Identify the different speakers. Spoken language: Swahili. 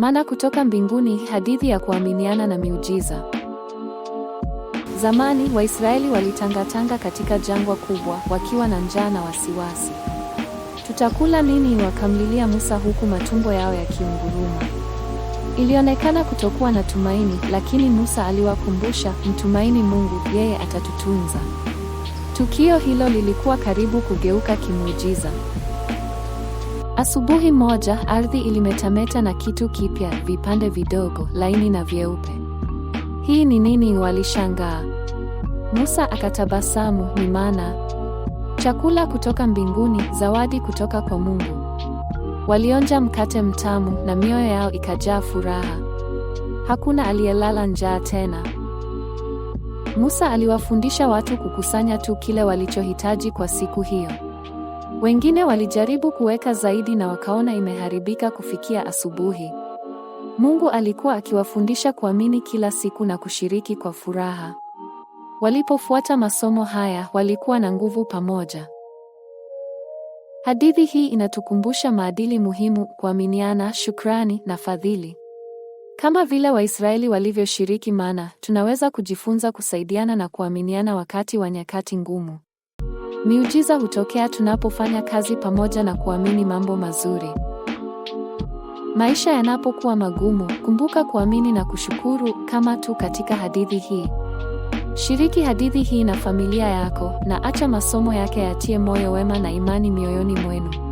Speaker 1: Mana kutoka mbinguni, hadithi ya kuaminiana na miujiza. Zamani Waisraeli walitangatanga katika jangwa kubwa, wakiwa na njaa na wasiwasi. Tutakula nini? Wakamlilia Musa huku matumbo yao yakiunguruma. Ilionekana kutokuwa na tumaini, lakini Musa aliwakumbusha, mtumaini Mungu, yeye atatutunza. Tukio hilo lilikuwa karibu kugeuka kimuujiza. Asubuhi moja, ardhi ilimetameta na kitu kipya, vipande vidogo, laini na vyeupe. Hii ni nini? Walishangaa. Musa akatabasamu, ni mana, chakula kutoka mbinguni, zawadi kutoka kwa Mungu. Walionja mkate mtamu na mioyo yao ikajaa furaha. Hakuna aliyelala njaa tena. Musa aliwafundisha watu kukusanya tu kile walichohitaji kwa siku hiyo. Wengine walijaribu kuweka zaidi na wakaona imeharibika kufikia asubuhi. Mungu alikuwa akiwafundisha kuamini kila siku na kushiriki kwa furaha. Walipofuata masomo haya, walikuwa na nguvu pamoja. Hadithi hii inatukumbusha maadili muhimu: kuaminiana, shukrani na fadhili. Kama vile Waisraeli walivyoshiriki mana, tunaweza kujifunza kusaidiana na kuaminiana wakati wa nyakati ngumu. Miujiza hutokea tunapofanya kazi pamoja na kuamini mambo mazuri. Maisha yanapokuwa magumu, kumbuka kuamini na kushukuru kama tu katika hadithi hii. Shiriki hadithi hii na familia yako na acha masomo yake yatie moyo wema na imani mioyoni mwenu.